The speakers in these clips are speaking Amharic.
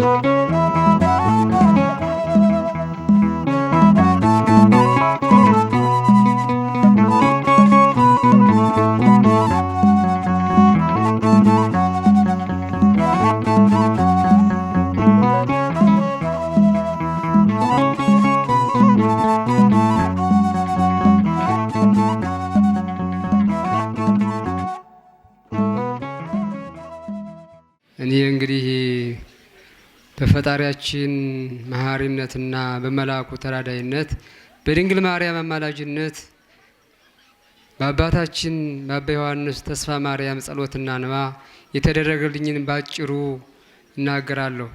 Thank you. በፈጣሪያችን መሐሪነትና በመላኩ ተራዳይነት በድንግል ማርያም አማላጅነት በአባታችን በአባ ዮሐንስ ተስፋ ማርያም ጸሎትና ንባ የተደረገልኝን ባጭሩ እናገራለሁ።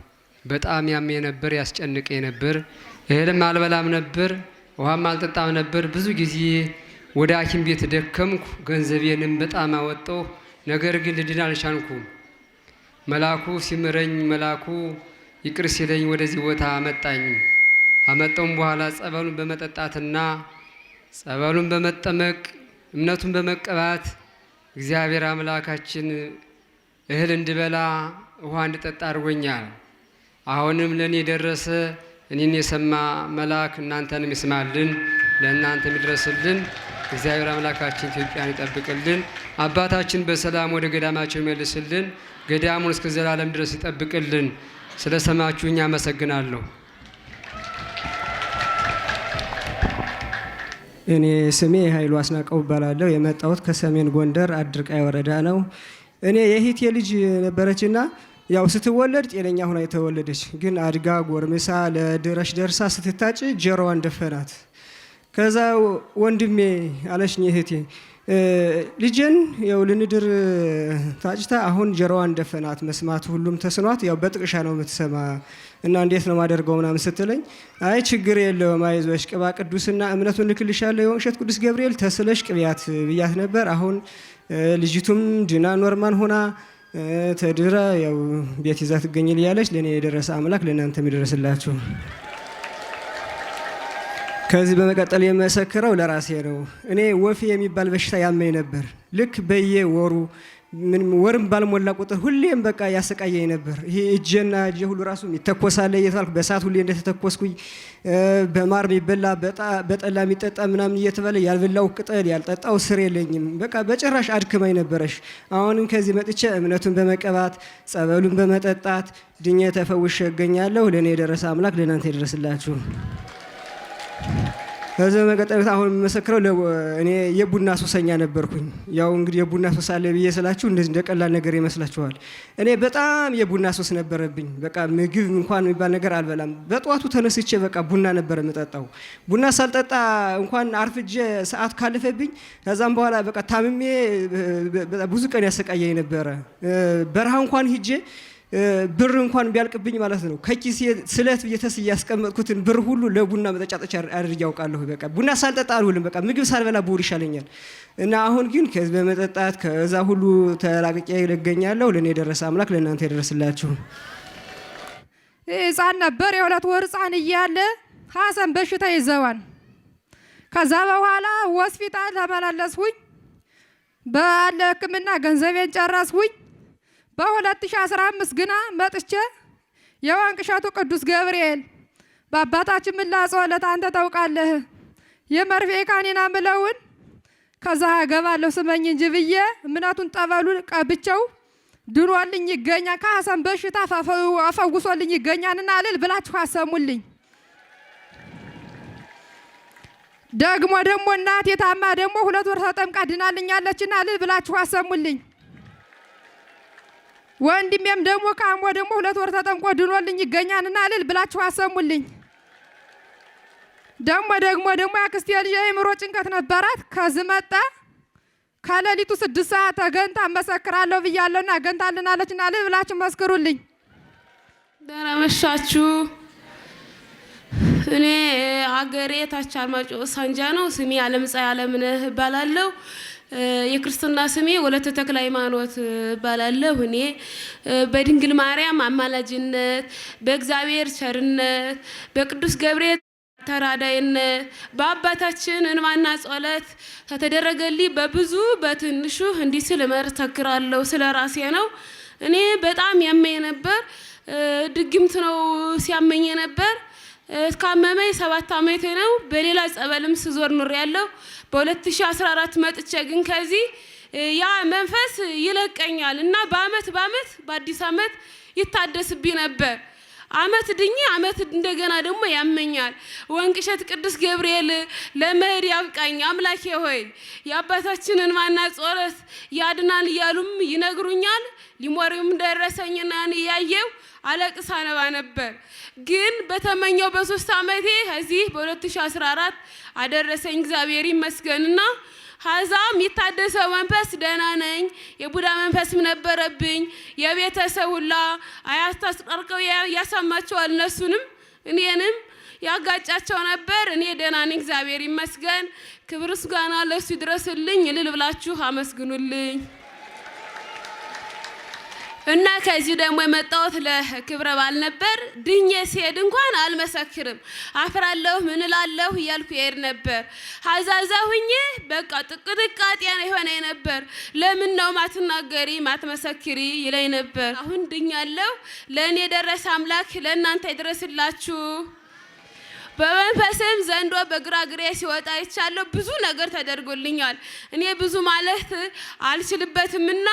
በጣም ያሜ ነበር፣ ያስጨንቀኝ ነበር፣ እህልም አልበላም ነበር፣ ውሃም አልጠጣም ነበር። ብዙ ጊዜ ወደ ሐኪም ቤት ደከምኩ፣ ገንዘቤንም በጣም አወጣሁ። ነገር ግን ልድን አልቻልኩም። መላኩ ሲምረኝ መላኩ። ይቅር ሲለኝ ወደዚህ ቦታ አመጣኝ። አመጣውም በኋላ ጸበሉን በመጠጣትና ጸበሉን በመጠመቅ እምነቱን በመቀባት እግዚአብሔር አምላካችን እህል እንድበላ ውሃ እንድጠጣ አድርጎኛል። አሁንም ለእኔ የደረሰ እኔን የሰማ መልአክ እናንተንም ይስማልን፣ ለእናንተም ይድረስልን። እግዚአብሔር አምላካችን ኢትዮጵያን ይጠብቅልን። አባታችን በሰላም ወደ ገዳማቸው ይመልስልን። ገዳሙን እስከ ዘላለም ድረስ ይጠብቅልን። ስለ ሰማችሁኝ አመሰግናለሁ። እኔ ስሜ ኃይሉ አስናቀው እባላለሁ። የመጣሁት ከሰሜን ጎንደር አድርቃይ ወረዳ ነው። እኔ የሂቴ ልጅ ነበረችና ያው ስትወለድ ጤነኛ ሁና የተወለደች ግን አድጋ ጎርምሳ ለድረሽ ደርሳ ስትታጭ ጀሮዋን ደፈናት። ከዛ ወንድሜ አለሽኝ እህቴ ልጄን ያው ልንድር ታጭታ አሁን ጀሮዋን ደፈናት። መስማት ሁሉም ተስኗት ያው በጥቅሻ ነው የምትሰማ እና እንዴት ነው ማደርገው ምናምን ስትለኝ አይ ችግር የለውም አይዞሽ፣ ቅባ ቅዱስና እምነቱን ልክልሻለሁ የወንሸት ቅዱስ ገብርኤል ተስለሽ ቅብያት ብያት ነበር። አሁን ልጅቱም ድና ኖርማን ሆና ተድራ ያው ቤት ይዛ ትገኝል ያለች ለእኔ የደረሰ አምላክ ለእናንተ የሚደረስላችሁ ከዚህ በመቀጠል የመሰክረው ለራሴ ነው። እኔ ወፍ የሚባል በሽታ ያመኝ ነበር። ልክ ወሩ ወርም ባልሞላ ቁጥር ሁሌም በቃ ያሰቃየኝ ነበር። ይሄ እጄና እጄ ሁሉ ራሱ ይተኮሳለ እየተባልኩ በሰዓት ሁሌ እንደተተኮስኩኝ በማር የሚበላ በጠላ የሚጠጣ ምናምን እየተባለ ያልበላው ቅጠል ያልጠጣው ስር የለኝም። በቃ በጭራሽ አድክማኝ ነበረሽ። አሁንም ከዚህ መጥቼ እምነቱን በመቀባት ጸበሉን በመጠጣት ድኛ ተፈውሼ እገኛለሁ። ለእኔ የደረሰ አምላክ ለእናንተ ይደረስላችሁ። ከዚህ በመቀጠል አሁን የምመሰክረው እኔ የቡና ሱሰኛ ነበርኩኝ። ያው እንግዲህ የቡና ሱስ አለ ብዬ ስላችሁ እንደዚህ እንደ ቀላል ነገር ይመስላችኋል። እኔ በጣም የቡና ሱስ ነበረብኝ። በቃ ምግብ እንኳን የሚባል ነገር አልበላም። በጠዋቱ ተነስቼ በቃ ቡና ነበር የምጠጣው። ቡና ሳልጠጣ እንኳን አርፍጄ ሰዓት ካለፈብኝ፣ ከዛም በኋላ በቃ ታምሜ ብዙ ቀን ያሰቃየኝ ነበረ። በረሃ እንኳን ሂጄ ብር እንኳን ቢያልቅብኝ ማለት ነው ከኪሴ ስለት ብየተስ እያስቀመጥኩትን ብር ሁሉ ለቡና መጠጫ መጠጫጠጫ አድርጌ ያውቃለሁ። በቃ ቡና ሳልጠጣ አልውልም። በቃ ምግብ ሳልበላ ብውል ይሻለኛል። እና አሁን ግን ከዚህ በመጠጣት ከዛ ሁሉ ተላቅቄ ይገኛለሁ። ለእኔ የደረሰ አምላክ ለእናንተ የደረስላችሁ። ህፃን ነበር የሁለት ወር ህፃን እያለ ሀሰን በሽታ ይዘዋል። ከዛ በኋላ ሆስፒታል ተመላለስሁኝ። ባለ ህክምና ገንዘቤን ጨረስሁኝ። በ2015 ግና መጥቼ የዋንቅ እሸቱ ቅዱስ ገብርኤል በአባታችን ምላጸ ዕለት አንተ ታውቃለህ የመርፌ ቃኔና ምለውን ከዛ ገባለሁ ስመኝ እንጂ ብዬ እምነቱን ጠበሉ ቀብቸው ድኖልኝ ይገኛል። ከሐሰን በሽታ አፈውሶልኝ ይገኛልና እልል ብላችሁ አሰሙልኝ። ደግሞ ደግሞ እናቴ ታማ ደግሞ ሁለት ወር ተጠምቃ ድናልኛለችና እልል ብላችሁ አሰሙልኝ። ወንድሜም ደግሞ ከአሞ ደግሞ ሁለት ወር ተጠምቆ ድኖልኝ ይገኛልና እልል ብላችሁ አሰሙልኝ። ደግሞ ደግሞ ደግሞ ያክስቴ ልጅ የአእምሮ ጭንቀት ነበራት። ከዚህ መጣ ከሌሊቱ ስድስት ሰዓት ተገንታ እመሰክራለሁ ብያለሁና ገንታልናለችና እልል ብላችሁ መስክሩልኝ። ደህና መሻችሁ። እኔ አገሬ ታች አልማጮ ሳንጃ ነው። ስሜ አለምፀሐይ አለምነህ እባላለሁ። የክርስትና ስሜ ወለተ ተክለ ሃይማኖት እባላለሁ። እኔ በድንግል ማርያም አማላጅነት፣ በእግዚአብሔር ቸርነት፣ በቅዱስ ገብርኤል ተራዳይነት በአባታችን እንባና ጸሎት ከተደረገልኝ በብዙ በትንሹ እንዲህ ስል እመሰክራለሁ። ስለ ራሴ ነው። እኔ በጣም ያመኝ ነበር። ድግምት ነው ሲያመኝ ነበር እስካመመኝ ሰባት ዓመቴ ነው። በሌላ ጸበልም ስዞር ኑር ያለው በ2014 መጥቼ ግን ከዚህ ያ መንፈስ ይለቀኛል እና በአመት በአመት በአዲስ አመት ይታደስብኝ ነበር። አመት ድኝ አመት እንደገና ደግሞ ያመኛል። ወንቅሸት ቅዱስ ገብርኤል ለመሄድ ያብቃኝ አምላኬ ሆይ የአባታችንን ማና ጾረት ያድናል እያሉም ይነግሩኛል። ሊሞሪውም ደረሰኝናን እያየው አለቅስ አነባ ነበር። ግን በተመኘው በሶስት ዓመቴ እዚህ በ2014 አደረሰኝ እግዚአብሔር ይመስገንና ሀዛም የታደሰ መንፈስ ደህና ነኝ። የቡዳ መንፈስም ነበረብኝ። የቤተሰብ ሁላ አያስታስቀርቀው ያሰማቸዋል። እነሱንም እኔንም ያጋጫቸው ነበር። እኔ ደህና ነኝ፣ እግዚአብሔር ይመስገን። ክብር ምስጋና ለእሱ ይድረስልኝ። እልል ብላችሁ አመስግኑልኝ። እና ከዚህ ደግሞ የመጣሁት ለክብረ በዓል ነበር። ድኜ ሲሄድ እንኳን አልመሰክርም፣ አፍራለሁ፣ ምን እላለሁ እያልኩ የሄድ ነበር። ሀዛዛ ሁኜ በቃ ጥቅጥቃጤ አጥያነ የሆነ ነበር። ለምን ነው ማትናገሪ ማትመሰክሪ ይለኝ ነበር። አሁን ድኛለሁ። ለእኔ የደረሰ አምላክ ለእናንተ ይድረስላችሁ። በመንፈስም ዘንዶ በግራ ግሬ ሲወጣ ይቻለሁ። ብዙ ነገር ተደርጎልኛል። እኔ ብዙ ማለት አልችልበትምና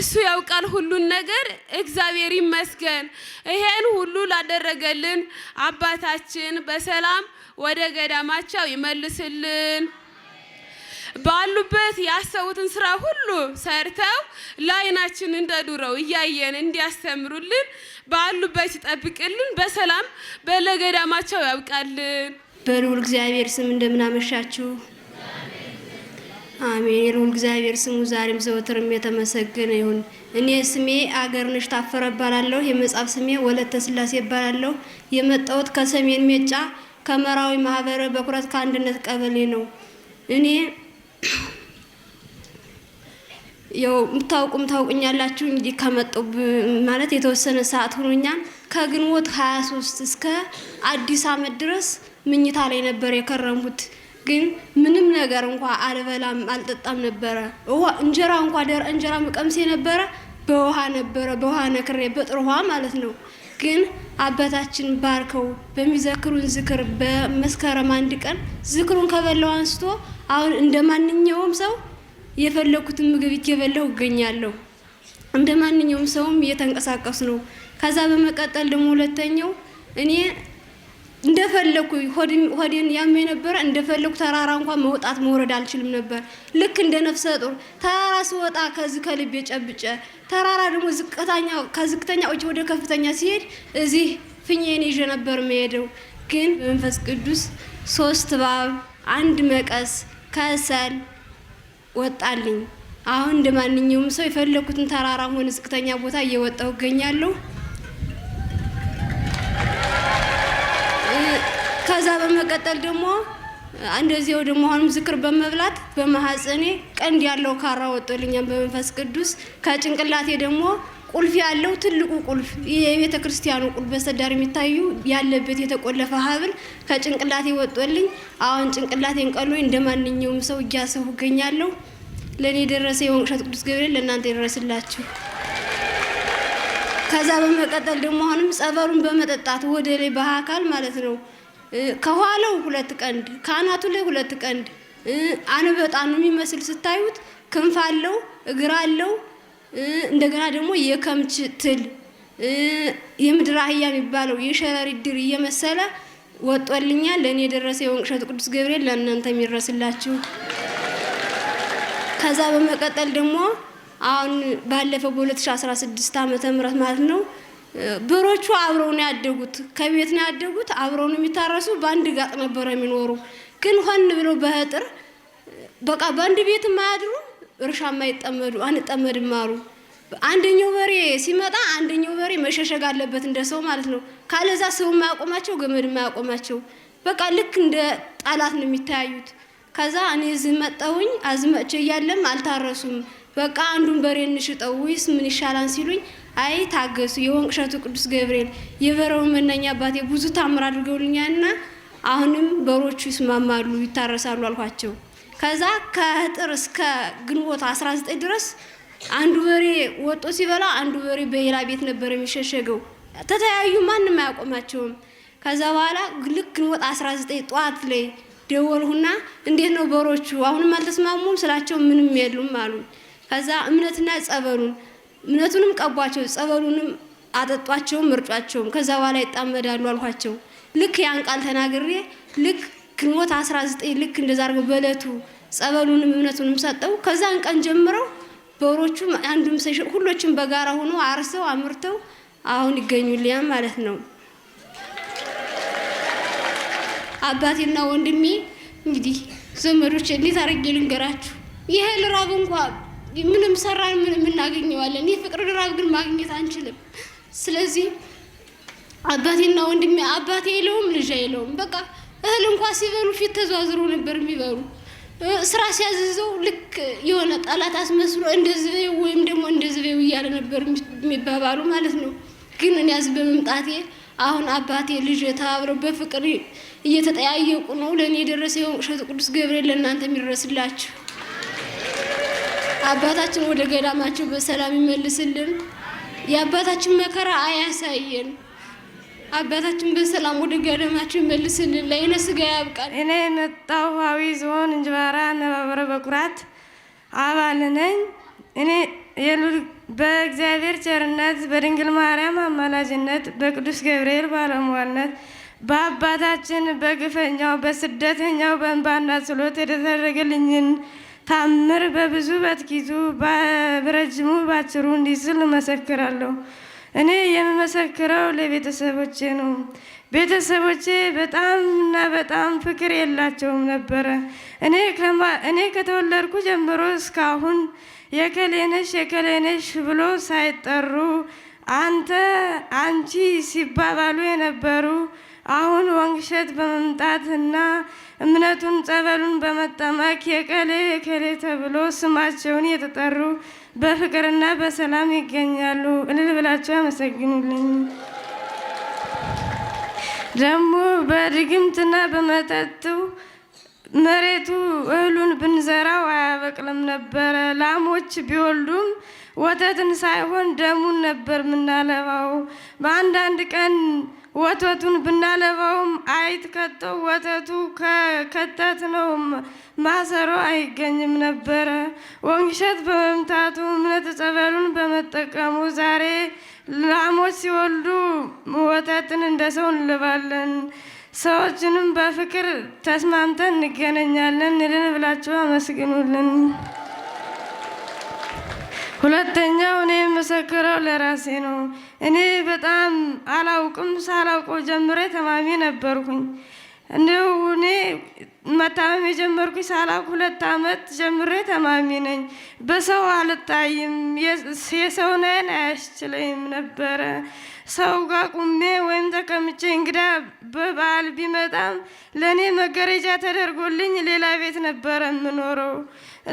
እሱ ያውቃል ሁሉን ነገር። እግዚአብሔር ይመስገን ይሄን ሁሉ ላደረገልን አባታችን በሰላም ወደ ገዳማቸው ይመልስልን። ባሉበት ያሰቡትን ስራ ሁሉ ሰርተው ለአይናችን እንደ ዱረው እያየን እንዲያስተምሩልን ባሉበት ይጠብቅልን፣ በሰላም በለገዳማቸው ያብቃልን። በልዑል እግዚአብሔር ስም እንደምናመሻችሁ አሜን። የልዑል እግዚአብሔር ስሙ ዛሬም ዘወትርም የተመሰገነ ይሁን። እኔ ስሜ አገርነሽ ታፈረ እባላለሁ። የመጽሐፍ ስሜ ወለተ ስላሴ እባላለሁ። የመጣሁት ከሰሜን ሜጫ ከመራዊ ማህበረ በኩረት ከአንድነት ቀበሌ ነው። እኔ ያው የምታውቁም ታውቁኛላችሁ። እንግዲህ ከመጣሁ ማለት የተወሰነ ሰዓት ሆኖኛል። ከግንቦት 23 እስከ አዲስ አመት ድረስ ምኝታ ላይ ነበር የከረምኩት። ግን ምንም ነገር እንኳ አልበላም አልጠጣም ነበረ። እንጀራ እንኳ ደረ እንጀራ መቀምሴ ነበረ በውሃ ነበረ በውሃ ነክሬ በጥሩ ውሃ ማለት ነው። ግን አባታችን ባርከው በሚዘክሩን ዝክር በመስከረም አንድ ቀን ዝክሩን ከበላው አንስቶ አሁን እንደ ማንኛውም ሰው የፈለኩትን ምግብ እየበላሁ እገኛለሁ። እንደ ማንኛውም ሰውም እየተንቀሳቀስ ነው። ከዛ በመቀጠል ደግሞ ሁለተኛው እኔ እንደፈለኩ ሆዴን ያም የነበረ እንደፈለኩ ተራራ እንኳን መውጣት መውረድ አልችልም ነበር። ልክ እንደ ነፍሰ ጡር ተራራ ስወጣ ከዚህ ከልቤ ጨብጨ ተራራ ደግሞ ዝቅተኛ ከዝቅተኛ ወደ ከፍተኛ ሲሄድ እዚህ ፍኜን ይዤ ነበር መሄደው። ግን በመንፈስ ቅዱስ ሶስት እባብ አንድ መቀስ ከሰል ወጣልኝ። አሁን እንደ ማንኛውም ሰው የፈለኩትን ተራራም ሆነ ዝቅተኛ ቦታ እየወጣሁ እገኛለሁ። ከዛ በመቀጠል ደግሞ እንደዚያው ደግሞ አሁንም ዝክር በመብላት በማህፀኔ ቀንድ ያለው ካራ ወጥቶልኛል በመንፈስ ቅዱስ ከጭንቅላቴ ደግሞ ቁልፍ ያለው ትልቁ ቁልፍ የቤተ ክርስቲያኑ ቁልፍ በሰዳር የሚታዩ ያለበት የተቆለፈ ሀብል ከጭንቅላቴ ወጦልኝ፣ አሁን ጭንቅላቴን ቀሎኝ እንደ ማንኛውም ሰው እያሰሁ እገኛለሁ። ለእኔ የደረሰ የወንቅሸት ቅዱስ ገብርኤል ለእናንተ ይደረስላችሁ። ከዛ በመቀጠል ደግሞ አሁንም ጸበሉን በመጠጣት ወደ ላይ በአካል ማለት ነው። ከኋላው ሁለት ቀንድ፣ ከአናቱ ላይ ሁለት ቀንድ፣ አንበጣ ነው የሚመስል ስታዩት፣ ክንፍ አለው፣ እግር አለው እንደገና ደግሞ የከምች ትል የምድር አህያ የሚባለው የሸረሪት ድር እየመሰለ ወጦልኛል። ለእኔ የደረሰ የወንቅሸት ቅዱስ ገብርኤል ለእናንተ የሚረስላችሁ። ከዛ በመቀጠል ደግሞ አሁን ባለፈው በ2016 ዓመተ ምህረት ማለት ነው በሮቹ አብረው ነው ያደጉት። ከቤት ነው ያደጉት፣ አብረው ነው የሚታረሱ። በአንድ ጋጥ ነበረ የሚኖሩ ግን ሆን ብለው በህጥር በቃ በአንድ ቤት ማያድሩ እርሻ የማይጠመዱ አንጠመድ ማሩ አንደኛው በሬ ሲመጣ አንደኛው በሬ መሸሸግ አለበት እንደ ሰው ማለት ነው። ካለዛ ሰው ማያቆማቸው ገመድ ማያቆማቸው በቃ ልክ እንደ ጠላት ነው የሚታያዩት ከዛ እኔ እዚህ አዝመቼ እያለም አልታረሱም። በቃ አንዱን በሬ እንሽጠው ወይስ ምን ይሻላል ሲሉኝ፣ አይ ታገሱ፣ የወንቅ እሸቱ ቅዱስ ገብርኤል የበረው መናኛ አባቴ ብዙ ታምር አድርገውልኛልና አሁንም በሮቹ ይስማማሉ፣ ይታረሳሉ አልኳቸው። ከዛ ከጥር እስከ ግንቦት 19 ድረስ አንዱ በሬ ወጦ ሲበላ አንዱ በሬ በሌላ ቤት ነበር የሚሸሸገው። ተተያዩ፣ ማንም አያቆማቸውም። ከዛ በኋላ ልክ ግንቦት 19 ጠዋት ላይ ደወልሁና እንዴት ነው በሮቹ አሁንም አልተስማሙም ስላቸው ምንም የሉም አሉ። ከዛ እምነትና ጸበሉን እምነቱንም ቀቧቸው፣ ጸበሉንም አጠጧቸውም፣ ምርጫቸውም። ከዛ በኋላ ይጣመዳሉ አልኳቸው። ልክ ያን ቃል ተናግሬ ልክ ግንቦት 19 ልክ እንደዛ አድርገው በእለቱ ጸበሉንም እምነቱንም ሰጠው። ከዛን ቀን ጀምረው በሮቹ አንዱም ሰሽ ሁሎችም በጋራ ሆኖ አርሰው አምርተው አሁን ይገኙልኛል ማለት ነው። አባቴና ወንድሜ እንግዲህ ዘመዶች እንዴት አድርጌ ልንገራችሁ? ይሄ ልራብ እንኳ ምንም ሰራን ምንም እናገኘዋለን። ይህ ፍቅር ልራብ ግን ማግኘት አንችልም። ስለዚህ አባቴና ወንድሜ አባቴ የለውም ልጅ የለውም በቃ እህል እንኳ ሲበሉ ፊት ተዟዝሮ ነበር የሚበሉ። ስራ ሲያዝዘው ልክ የሆነ ጠላት አስመስሎ እንደ ዝቤው ወይም ደግሞ እንደ ዝቤው እያለ ነበር የሚባባሉ ማለት ነው። ግን እኔ ያዝ በመምጣቴ አሁን አባቴ ልጅ ተባብረው በፍቅር እየተጠያየቁ ነው። ለእኔ የደረሰ የሆን ቅሸት ቅዱስ ገብርኤል ለእናንተ የሚደረስላችሁ አባታችን ወደ ገዳማቸው በሰላም ይመልስልን። የአባታችን መከራ አያሳየን። አባታችን በሰላም ወደ ገዳማችን መልስልን። ለአይነ ስጋ ያብቃል። እኔ የመጣው አዊ ዞን እንጅባራ ነባበረ በኩራት አባል ነኝ። እኔ በእግዚአብሔር ቸርነት በድንግል ማርያም አማላጅነት በቅዱስ ገብርኤል ባለሟልነት በአባታችን በግፈኛው በስደተኛው በእንባና ጸሎት የተደረገልኝን ታምር በብዙ በጥቂቱ በረጅሙ ባጭሩ እንዲህ ስል እመሰክራለሁ። እኔ የምመሰክረው ለቤተሰቦቼ ነው። ቤተሰቦቼ በጣም እና በጣም ፍቅር የላቸውም ነበረ። እኔ ከተወለድኩ ጀምሮ እስካሁን የከሌነሽ የከሌነሽ ብሎ ሳይጠሩ አንተ አንቺ ሲባባሉ የነበሩ አሁን ወንግሸት በመምጣትና እምነቱን ጸበሉን በመጠመቅ የቀሌ የከሌ ተብሎ ስማቸውን የተጠሩ በፍቅርና በሰላም ይገኛሉ። እልል ብላቸው አመሰግኑልኝ። ደግሞ በድግምትና በመጠጡ መሬቱ እህሉን ብንዘራው አያበቅልም ነበረ። ላሞች ቢወልዱም ወተትን ሳይሆን ደሙን ነበር ምናለባው። በአንዳንድ ቀን ወተቱን ብናለባውም አይት ከተው ወተቱ ከከተት ነው ማሰሮ አይገኝም ነበረ። ወንሸት በመምታቱ እምነት ጸበሉን በመጠቀሙ ዛሬ ላሞች ሲወልዱ ወተትን እንደ ሰው እንልባለን። ሰዎችንም በፍቅር ተስማምተን እንገናኛለን። ልን ብላችሁ አመስግኑልን። ሁለተኛው እኔ የምመሰክረው ለራሴ ነው። እኔ በጣም አላውቅም። ሳላውቀው ጀምሬ ተማሚ ነበርኩኝ። እንደው እኔ መታመም የጀመርኩኝ ሳላውቅ ሁለት አመት ጀምሬ ተማሚ ነኝ። በሰው አልታይም፣ የሰውን ዓይን አያስችለኝም ነበረ። ሰው ጋር ቁሜ ወይም ተቀምጬ እንግዳ በበዓል ቢመጣም ለእኔ መገረጃ ተደርጎልኝ ሌላ ቤት ነበረ የምኖረው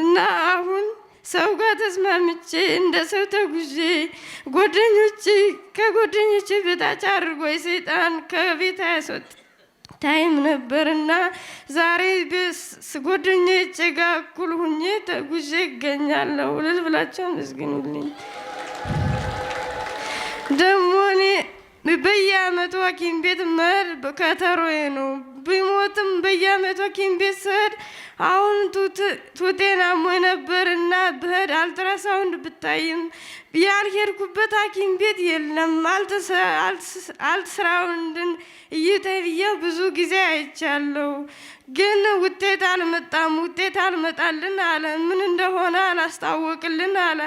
እና አሁን ሰው ጋር ተስማምቼ እንደ ሰው ተጉዤ ጓደኞቼ ከጓደኞቼ በታች አድርጎ የሰይጣን ከቤት አያስወጥ ታይም ነበርና ዛሬ ጓደኞቼ ጋ እኩል ሁኜ ተጉዤ ይገኛለሁ። ልል ብላቸው አመስግኑልኝ። ደግሞ እኔ በየአመቱ ሐኪም ቤት መሄድ ከተሮዬ ነው። ብሞትም በየአመቱ ሐኪም ቤት ስሄድ አሁን ጡቴን አሞኝ ነበር እና ብሄድ አልትራሳውንድ ብታይም ያልሄድኩበት ሐኪም ቤት የለም። አልትራሳውንድን እይታይ ብዙ ጊዜ አይቻለሁ፣ ግን ውጤት አልመጣም። ውጤት አልመጣልን አለ። ምን እንደሆነ አላስታወቅልን አለ።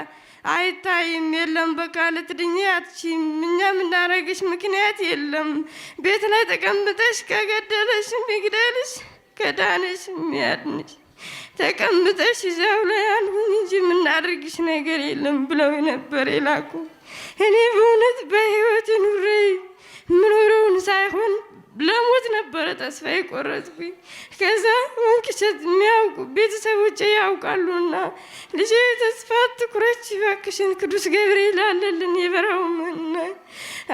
አይታይም የለም። በቃ ልትድኚ አትችይም። እኛ የምናረግሽ ምክንያት የለም። ቤት ላይ ተቀምጠሽ ከገደለሽ ሚግደልሽ ከዳንሽ ሚያድንሽ ተቀምጠሽ እዛው ላይ አልሁኝ እንጂ የምናደርግሽ ነገር የለም ብለው ነበር የላኩ። እኔ በእውነት በህይወት ኑሬ ምኖረውን ሳይሆን ለሞት ነበረ ተስፋ የቆረጥኩኝ። ከዛ ወንቅሸት የሚያውቁ ቤተሰቦች ያውቃሉና ልጅ ተስፋ ትኩረች ይባክሽን ቅዱስ ገብርኤል አለልን የበራው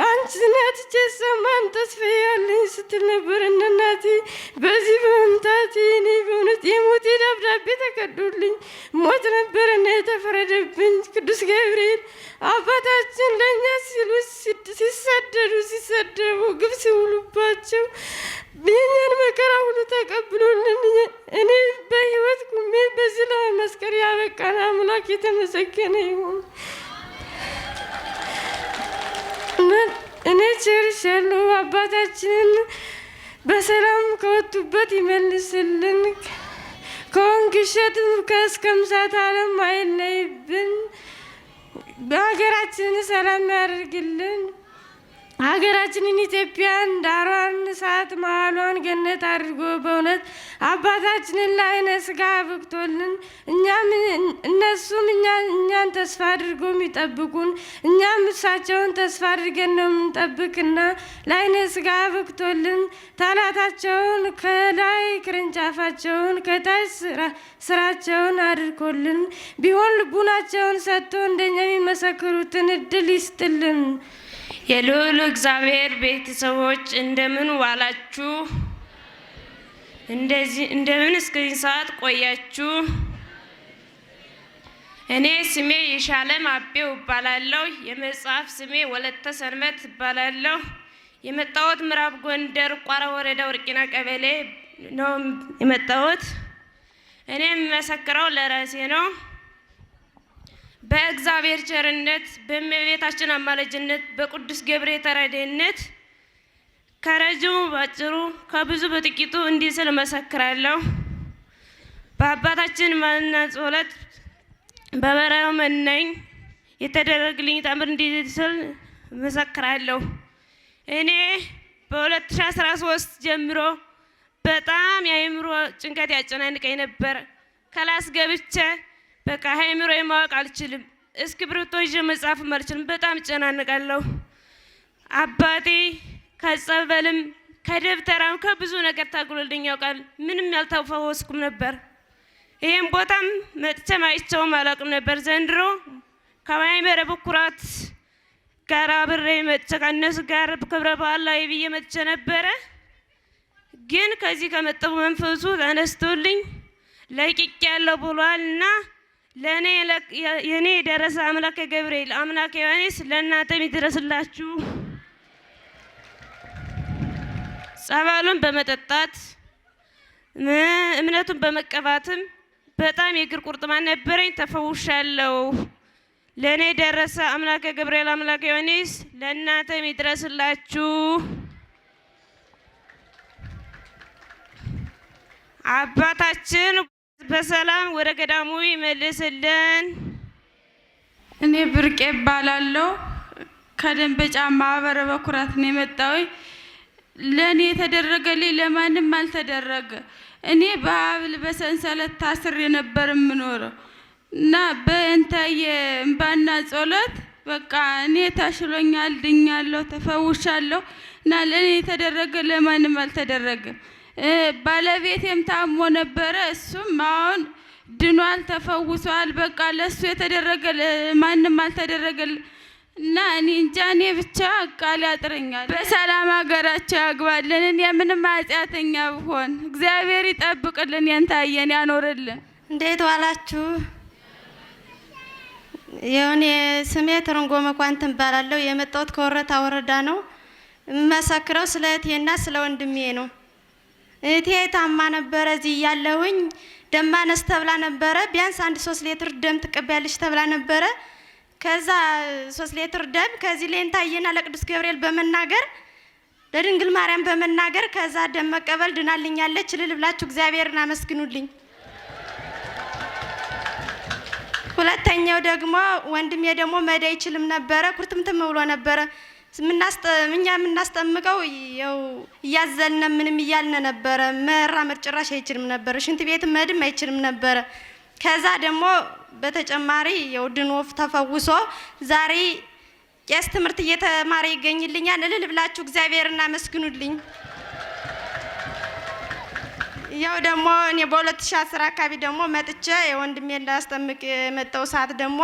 አንቺ ናትቼ ሰማን ተስፋ ያለኝ ስትል ነበር። እናቴ በዚህ በመምጣቴ እኔ በእውነት የሞቴ ደብዳቤ ተቀዶልኝ ሞት ነበረና የተፈረደብኝ። ቅዱስ ገብርኤል አባታችን ለእኛ ሲሉ ሲሰደዱ ሲሰደቡ ግብስ ይውሉባቸው ናቸው። የእኛን መከራ ሁሉ ተቀብሎልን እኔ በህይወት ቁሜ በዚህ ለመመስከር ያበቃን አምላክ የተመሰገነ ይሁን። እኔ ያለ አባታችንን በሰላም ከወጡበት ይመልስልን። ከወንግሸት ከእስከምሳት ዓለም አይለይብን። በሀገራችን ሰላም ያደርግልን። ሀገራችንን ኢትዮጵያን ዳሯን እሳት መሀሏን ገነት አድርጎ በእውነት አባታችንን ለአይነ ስጋ አብቅቶልን እኛም እነሱም እኛን ተስፋ አድርጎ የሚጠብቁን እኛም እሳቸውን ተስፋ አድርገን ነው የምንጠብቅና ለአይነ ስጋ አብቅቶልን ታላታቸውን ከላይ ቅርንጫፋቸውን ከታች ስራቸውን አድርጎልን ቢሆን ልቡናቸውን ሰጥቶ እንደኛ የሚመሰክሩትን እድል ይስጥልን። የልዑል እግዚአብሔር ቤተሰቦች እንደምን ዋላችሁ? እንደምን እስከዚህ ሰዓት ቆያችሁ? እኔ ስሜ የሻለም አቤው እባላለሁ። የመጽሐፍ ስሜ ወለተ ሰንበት እባላለሁ። የመጣሁት ምዕራብ ጎንደር ቋራ ወረዳ ወርቂና ቀበሌ ነው የመጣሁት። እኔ የምመሰክረው ለራሴ ነው። በእግዚአብሔር ቸርነት በእመቤታችን አማላጅነት በቅዱስ ገብርኤል ተራዳኢነት ከረጅሙ ባጭሩ ከብዙ በጥቂቱ እንዲህ ስል መሰክራለሁ። በአባታችን ማና ጸሎት በበረሃው መናኝ የተደረግልኝ ተአምር እንዲህ ስል መሰክራለሁ። እኔ በ2013 ጀምሮ በጣም የአእምሮ ጭንቀት ያጨናንቀኝ ነበር። ከላስ ገብቼ በቃ ሀይምሮዬ ማወቅ አልችልም። እስክሪብቶ ይዤ መጻፍም አልችልም። በጣም እጨናነቃለሁ። አባቴ ከጸበልም ከደብተራም ከብዙ ነገር ታግሎልኝ ያውቃል። ምንም ያልተፈወስኩም ነበር። ይህም ቦታም መጥቼም አይቼውም አላውቅም ነበር። ዘንድሮ ከማይመረ በኩራት ጋር አብሬ መጥቼ ከእነሱ ጋር ክብረ በዓል ላይ ብዬ መጥቼ ነበረ። ግን ከዚህ ከመጠቡ መንፈሱ ተነስቶልኝ ለቂቅ ያለው ብሏል እና ለእኔ የእኔ የደረሰ አምላከ ገብርኤል አምላከ ዮሐንስ ለእናንተም ይድረስላችሁ። ጸበሉን በመጠጣት እምነቱን በመቀባትም በጣም የእግር ቁርጥማት ነበረኝ፣ ተፈውሻለሁ። ለእኔ የደረሰ አምላከ ገብርኤል አምላከ ዮሐንስ ለእናንተም ይድረስላችሁ። አባታችን በሰላም ወደ ገዳሙ ይመልስልን። እኔ ብርቄ እባላለሁ። ከደንበጫ ማህበረ በኩራት ነው የመጣው። ለእኔ የተደረገልኝ ለማንም አልተደረገ። እኔ በሀብል በሰንሰለት ታስር ነበር የምኖረው እና በእንታየ እምባና ጸሎት በቃ እኔ ታሽሎኛል፣ ድኛለሁ፣ ተፈውሻለሁ እና ለእኔ የተደረገ ለማንም አልተደረገም። ባለቤቴም ታሞ ነበረ። እሱም አሁን ድኗል፣ ተፈውሷል። በቃ ለእሱ የተደረገ ማንም አልተደረገል እና እኔ እንጃ እኔ ብቻ ቃል ያጥረኛል። በሰላም ሀገራቸው ያግባልን። እኔ ምንም አጽያተኛ ብሆን እግዚአብሔር ይጠብቅልን፣ የንታየን ያኖርልን። እንዴት ዋላችሁ? የሆነ ስሜ ትርንጎ መኳን ትንባላለሁ። የመጣሁት ከወረታ ወረዳ ነው። የምመሰክረው ስለ እህቴና ስለ ወንድሜ ነው። እህቴ ታማ ነበረ። እዚህ እያለሁኝ ደማነስ ተብላ ነበረ። ቢያንስ አንድ ሶስት ሌትር ደም ትቀቢያለሽ ተብላ ነበረ። ከዛ ሶስት ሌትር ደም ከዚህ ሌንታየና ለቅዱስ ገብርኤል በመናገር ለድንግል ማርያም በመናገር ከዛ ደም መቀበል ድናልኛለች። እልል ብላችሁ እግዚአብሔርን አመስግኑልኝ። ሁለተኛው ደግሞ ወንድሜ ደግሞ መድ አይችልም ነበረ፣ ኩርትምትም ብሎ ነበረ እኛ የምናስጠምቀው ያው እያዘልነ ምንም እያልነ ነበረ። መራመድ ጭራሽ አይችልም ነበረ። ሽንት ቤት መድም አይችልም ነበረ። ከዛ ደግሞ በተጨማሪ ያው ወፍ ተፈውሶ ዛሬ ቄስ ትምህርት እየተማረ ይገኝልኛል። እልል ብላችሁ እግዚአብሔር እናመስግኑልኝ። ያው ደግሞ እኔ በ2010 አካባቢ ደግሞ መጥቼ የወንድሜ ላስጠምቅ የመጣው ሰዓት ደግሞ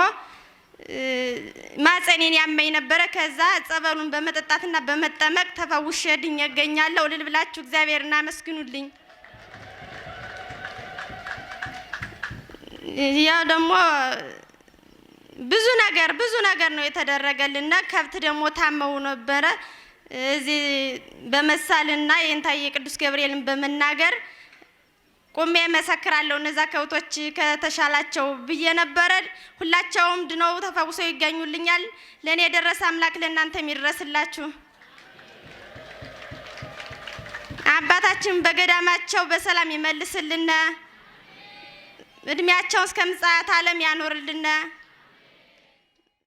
ማፀኔን ያመኝ ነበረ። ከዛ ጸበሉን በመጠጣትና በመጠመቅ ተፈውሼ ድኜ እገኛለሁ። እልል ብላችሁ እግዚአብሔርን አመስግኑልኝ። ያው ደግሞ ብዙ ነገር ብዙ ነገር ነው የተደረገልንና ከብት ደግሞ ታመው ነበረ እዚህ በመሳልና የንታየ ቅዱስ ገብርኤልን በመናገር ቆሜ መሰክራለሁ። እነዛ ከብቶች ከተሻላቸው ብዬ ነበረ። ሁላቸውም ድነው ተፈውሶ ይገኙልኛል። ለእኔ የደረሰ አምላክ ለእናንተም ይድረስላችሁ። አባታችን በገዳማቸው በሰላም ይመልስልን፣ እድሜያቸውን እስከ ምጽአተ ዓለም ያኖርልን።